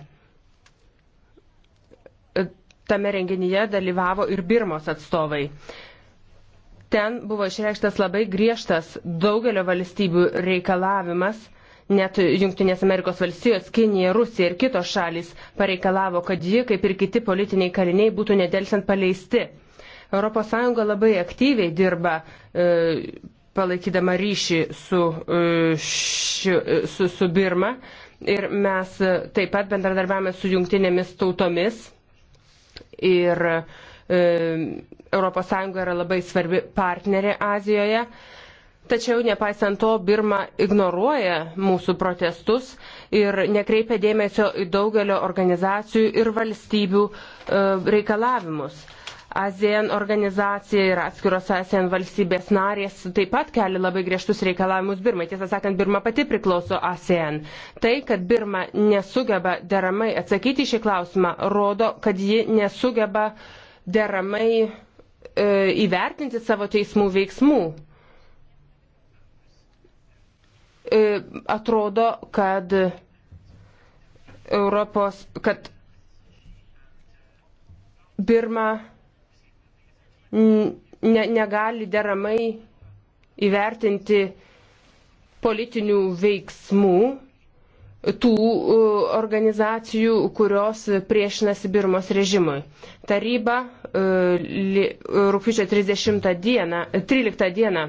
Tame renginyje dalyvavo ir Birmos atstovai. Ten buvo išreikštas labai griežtas daugelio valstybių reikalavimas Net Junktinės Amerikos valstijos, Kinija, Rusija ir kitos šalis pareikalavo, kad ji, kaip ir kiti politiniai kaliniai, būtų nedelsiant paleisti. ES labai aktyviai dirba e, palaikydama ryšį su, e, ši, e, su, su Birma ir mes e, taip pat bendradarbiavame su jungtinėmis tautomis ir e, ES yra labai svarbi partnerė Azijoje. E, Tačiau nepaisant to, Birma ignoruoja mūsų protestus ir nekreipia dėmesio į daugelio organizacijų ir valstybių e, reikalavimus. ASEAN organizacija ir atskiros ASEAN valstybės narės taip pat keli labai griežtus reikalavimus Birmai. Tiesą sakant, Birma pati priklauso ASEAN. Tai, kad Birma nesugeba deramai atsakyti šį klausimą, rodo, kad ji nesugeba deramai e, įvertinti savo teismų veiksmų. E, atrodo, kad Europos, kad Birma ne, negali deramai įvertinti politinių veiksmų tų e, organizacijų, kurios priešinasi Birmos režimui. Taryba e, rūpiučio 30 dieną, 13 dieną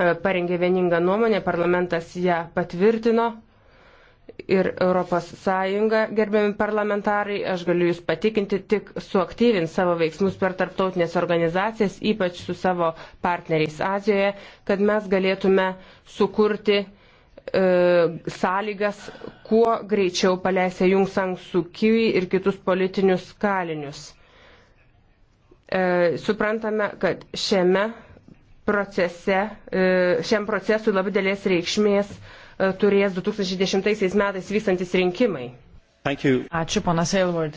E, parengė vieningą nuomonę, parlamentas ją patvirtino. Ir ES, gerbiami parlamentarai, aš galiu Jūs patikinti, tik suaktyvins savo veiksmus per tarptautinės organizacijas, ypač su savo partneriais Azijoje, kad mes galėtume sukurti e, sąlygas, kuo greičiau paleisę Jung Sang Sukyvi ir kitus politinius kalinius. E, suprantame, kad šiame procese, e, šiam procesui labai dėlės reikšmės e, turės 2010 metais vykstantis rinkimai. Ačiū, ponas Aylward.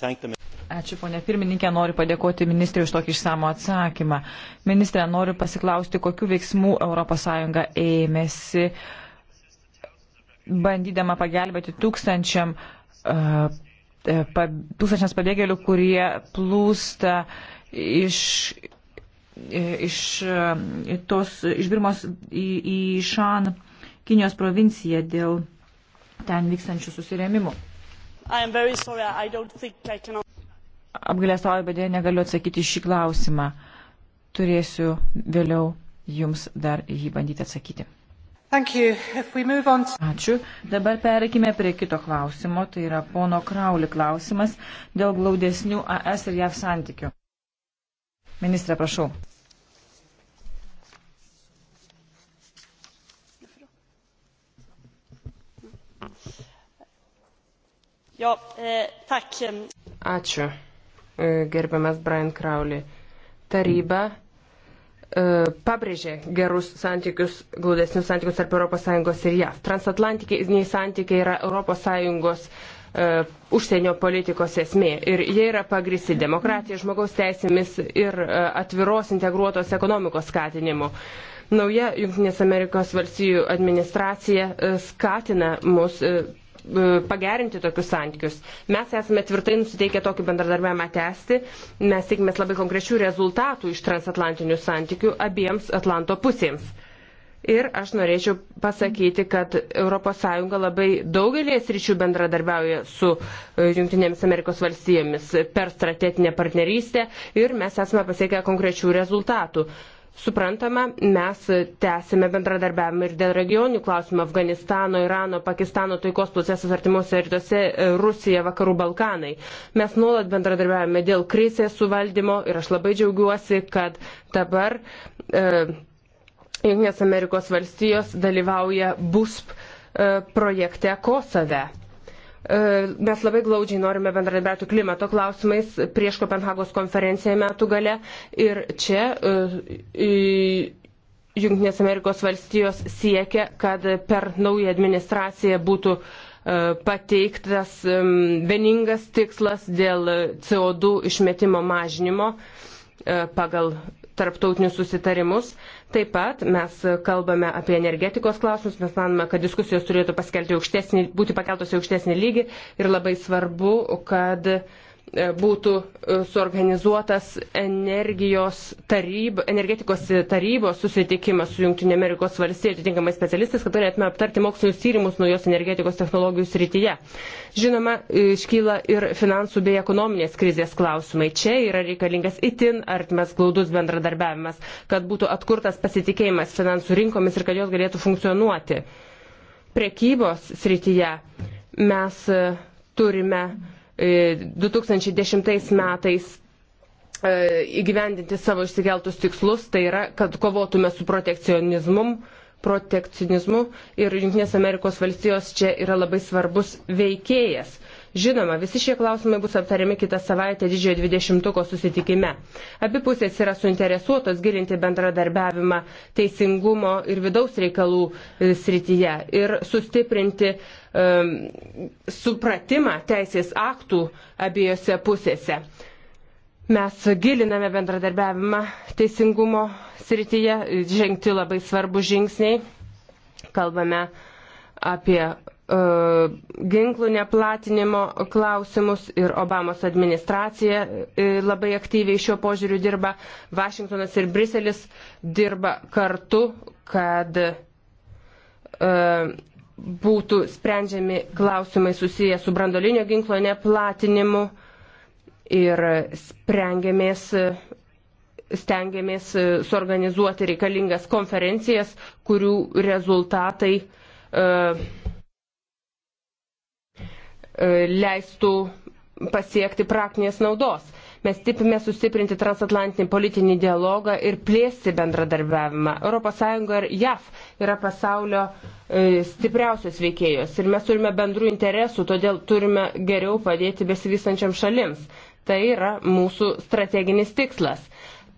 Ačiū, ponė pirmininkė, noriu padėkoti ministrė už tokį išsamų atsakymą. Ministrė, noriu pasiklausti, kokiu veiksmu ES ėmėsi, bandydama pagelbėti tūkstančiam, uh, pa, tūkstančiams pabėgėlių, kurie plūsta iš E, iš, e, tos, iš Birmos į, į Šan, Kinijos provinciją dėl ten vykstančių susirėmimų. Can... Apgalėstauju, bet dėja negaliu atsakyti šį klausimą. Turėsiu vėliau jums dar jį bandyti atsakyti. On... Ačiū. Dabar pereikime prie kito klausimo, tai yra pono Krauli klausimas dėl glaudesnių AS ir JAV santykių. Ministrė, prašau. Jo, e, tak. Ačiū, e, gerbiamas Brian Crowley. Taryba e, pabrėžė gerus santykius, glaudesnius santykius tarp ES ir JAV. Transatlantiniai santykiai yra ES e, užsienio politikos esmė. Ir jie yra pagristi demokratija, žmogaus teisėmis ir e, atviros integruotos ekonomikos skatinimu. Nauja Junktinės Amerikos valstijų administracija e, skatina mus. E, e, pagerinti tokius santykius. Mes esame tvirtai nusiteikę tokį bendradarbiavimą tęsti, mes tikimės labai konkrečių rezultatų iš transatlantinių santykių abiems Atlanto pusėms. Ir aš norėčiau pasakyti, kad ES labai daugelį sričių bendradarbiauja su e, Junktinėmis Amerikos valstijomis per strateginę partnerystę ir mes esame pasiekę konkrečių rezultatų. Suprantama, mes tęsime bendradarbiavimą ir dėl regionių klausimų Afganistano, Irano, Pakistano taikos procesas artimuose rytuose, e, Rusija, Vakarų Balkanai. Mes nuolat bendradarbiavime dėl krizės suvaldymo ir aš labai džiaugiuosi, kad dabar e, Junktinės Amerikos valstijos dalyvauja BUSP e, projekte Kosove. E, mes labai glaudžiai norime bendradarbiauti klimato klausimais prieš Kopenhagos konferenciją metų gale ir čia e, Junktinės Amerikos valstijos siekia, kad per naują administraciją būtų pateiktas vieningas tikslas dėl CO2 išmetimo mažinimo pagal tarptautinius susitarimus. Taip pat mes kalbame apie energetikos klausimus, mes manome, kad diskusijos turėtų aukštesnį, būti pakeltos į aukštesnį lygį ir labai svarbu, kad uh, E, būtų e, suorganizuotas taryb, energetikos tarybos susitikimas su Junktinė Amerikos valstija atitinkamais specialistais, kad galėtume aptarti mokslinius tyrimus naujos energetikos technologijų srityje. Žinoma, e, iškyla ir finansų bei ekonominės krizės klausimai. Čia yra reikalingas itin artimas glaudus bendradarbiavimas, kad būtų atkurtas pasitikėjimas finansų rinkomis ir kad jos galėtų funkcionuoti. Prekybos srityje mes turime 2010 e, metais e, įgyvendinti savo išsikeltus tikslus, tai yra, kad kovotume su protekcionizmu, protekcionizmu ir Junktinės Amerikos valstijos čia yra labai svarbus veikėjas. Žinoma, visi šie klausimai bus aptariami kitą savaitę didžiojo 20-ko susitikime. Abi pusės yra suinteresuotos gilinti bendradarbiavimą teisingumo ir vidaus reikalų e, srityje ir sustiprinti um, supratimą teisės aktų abiejose pusėse. Mes giliname bendradarbiavimą teisingumo srityje, žengti labai svarbu žingsniai. Kalbame apie E, ginklų neplatinimo klausimus ir Obamos administracija e, labai aktyviai šiuo požiūriu dirba. Vašingtonas ir Briselis dirba kartu, kad e, būtų sprendžiami klausimai susiję su brandolinio ginklo neplatinimu ir sprengiamės stengiamės suorganizuoti reikalingas konferencijas, kurių rezultatai uh, E, leistų pasiekti praktinės naudos. Mes tipime sustiprinti transatlantinį politinį dialogą ir plėsti bendradarbiavimą. ES ir JAF yra pasaulio e, stipriausios veikėjos ir mes turime bendrų interesų, todėl turime geriau padėti besivystančiam šalims. Tai yra mūsų strateginis tikslas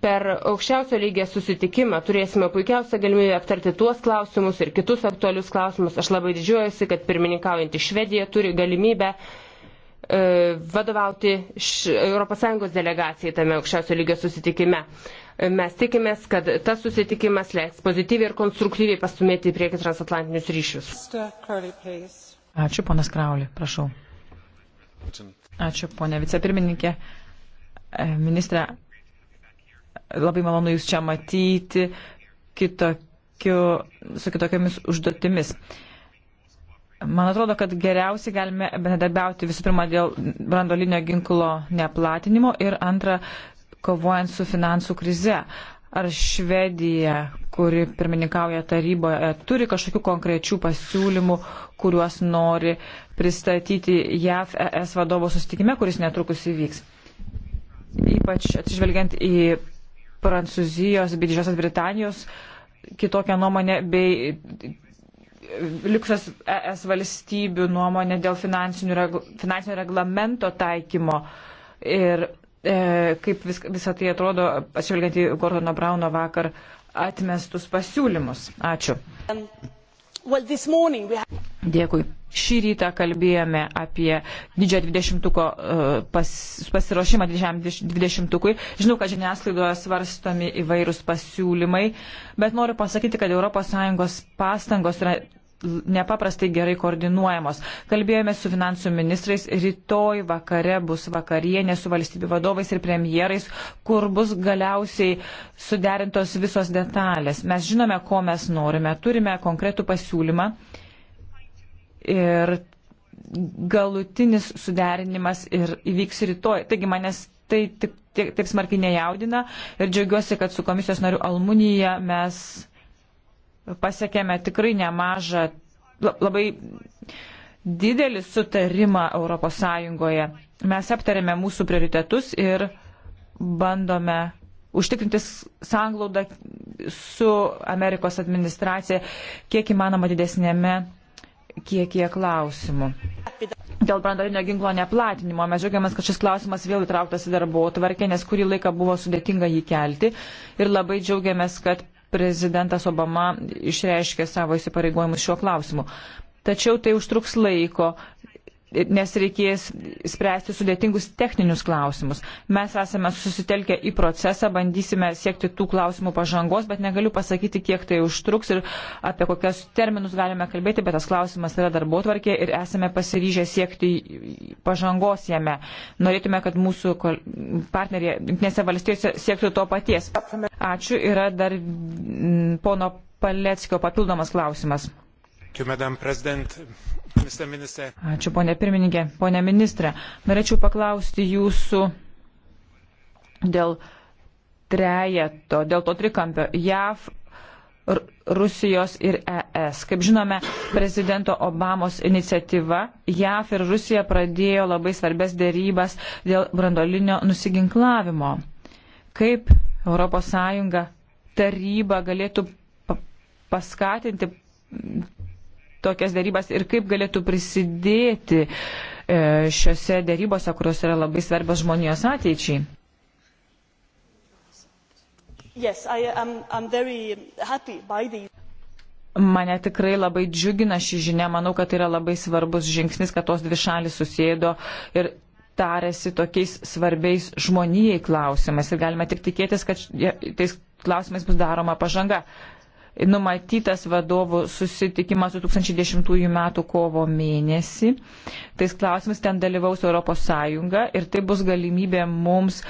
per aukščiausio lygio susitikimą turėsime puikiausią galimybę aptarti tuos klausimus ir kitus aktualius klausimus. Aš labai didžiuojuosi, kad pirmininkaujantį Švediją turi galimybę e, vadovauti ES delegacijai tame aukščiausio lygio susitikime. Mes tikimės, kad tas susitikimas leis pozityviai ir konstruktyviai pastumėti į priekį transatlantinius ryšius. Ačiū, ponas Kraulė, prašau. Ačiū, ponė vicepirmininkė. E, ministrė, Labai malonu Jūs čia matyti kitokiu, su kitokiamis užduotimis. Man atrodo, kad geriausiai galime bendradarbiauti visų pirma dėl brandolinio ginklo neplatinimo ir antra, kovojant su finansų krize. Ar Švedija, kuri pirmininkauja taryboje, turi kažkokių konkrečių pasiūlymų, kuriuos nori pristatyti JAV ES vadovo sustikime, kuris netrukus įvyks? Ypač atsižvelgiant į Prancūzijos bei Didžiosios Britanijos kitokią nuomonę bei likusios ES valstybių nuomonę dėl regl finansinio reglamento taikymo. Ir e, kaip vis, visą tai atrodo, atsižvelgiant į Gordono Brauno vakar atmestus pasiūlymus. Ačiū. Well, have... Dėkui. Šį rytą kalbėjome apie didžiojo dvidešimtuko e, pas, pasiruošimą didžiam dvidešimtukui. Žinau, kad žiniasklaidoje svarstomi įvairūs pasiūlymai, bet noriu pasakyti, kad ES pastangos yra nepaprastai gerai koordinuojamos. Kalbėjome su finansų ministrais, rytoj vakare bus vakarienė su valstybių vadovais ir premjerais, kur bus galiausiai suderintos visos detalės. Mes žinome, ko mes norime, turime konkretų pasiūlymą ir galutinis suderinimas ir įvyks rytoj. Taigi manęs tai taip, taip, taip smarkiai nejaudina ir džiaugiuosi, kad su komisijos nariu Almunija mes pasiekėme tikrai nemažą, labai didelį sutarimą Europos Sąjungoje. Mes aptarėme mūsų prioritetus ir bandome užtikrinti sanglaudą su Amerikos administracija kiek įmanoma didesnėme kiekie klausimų. Dėl brandarinio ginklo neplatinimo mes džiaugiamės, kad šis klausimas vėl įtrauktas į darbo tvarkę, nes kurį laiką buvo sudėtinga jį kelti. Ir labai džiaugiamės, kad prezidentas Obama išreiškė savo įsipareigojimus šiuo klausimu. Tačiau tai užtruks laiko nes reikės spręsti sudėtingus techninius klausimus. Mes esame susitelkę į procesą, bandysime siekti tų klausimų pažangos, bet negaliu pasakyti, kiek tai užtruks ir apie kokias terminus galime kalbėti, bet tas klausimas yra darbo tvarkė ir esame pasiryžę siekti pažangos jame. Norėtume, kad mūsų partneriai Junktinėse valstijose siektų to paties. Ačiū. Yra dar mm, pono Paleckio papildomas klausimas. Ačiū, Ačiū, ponė pirmininkė. Pone ministrė, norėčiau paklausti jūsų dėl trejeto, dėl to trikampio JAV, Rusijos ir ES. Kaip žinome, prezidento Obamos iniciatyva JAV ir Rusija pradėjo labai svarbės dėrybas dėl brandolinio nusiginklavimo. Kaip ES taryba galėtų paskatinti tokias darybas ir kaip galėtų prisidėti e, šiuose darybose, kurios yra labai svarbios žmonijos ateičiai. Yes, I am, I'm very happy by the... Mane tikrai labai džiugina ši žinia, manau, kad tai yra labai svarbus žingsnis, kad tos dvi šalis susėdo ir tarėsi tokiais svarbiais žmonijai klausimais ir galima tik tikėtis, kad tais klausimais bus daroma pažanga. Uh, numatytas vadovų susitikimas 2010 m. kovo mėnesį. Tais klausimais ten dalyvaus ES ir tai bus galimybė mums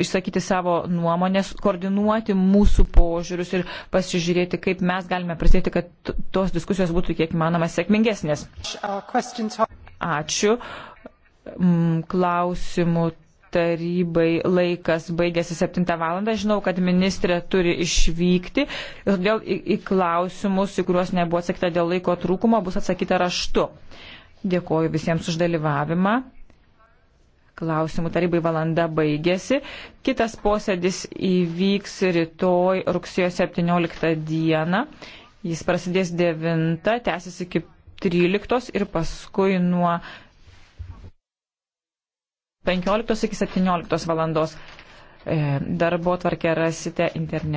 išsakyti savo nuomonės, koordinuoti mūsų požiūrius ir pasižiūrėti, kaip mes galime prisidėti, kad tos diskusijos būtų kiek įmanoma sėkmingesnės. Ačiū. Mm, klausimų tarybai laikas baigėsi 7 val. Žinau, kad ministrė turi išvykti ir todėl į, į klausimus, į kuriuos nebuvo atsakyta dėl laiko trūkumo, bus atsakyta raštu. Dėkoju visiems už dalyvavimą. Klausimų tarybai valanda baigėsi. Kitas posėdis įvyks rytoj rugsėjo 17 dieną. Jis prasidės 9, tęsis iki 13 ir paskui nuo 15 iki 17 valandos. E, darbo tvarkę rasite internete.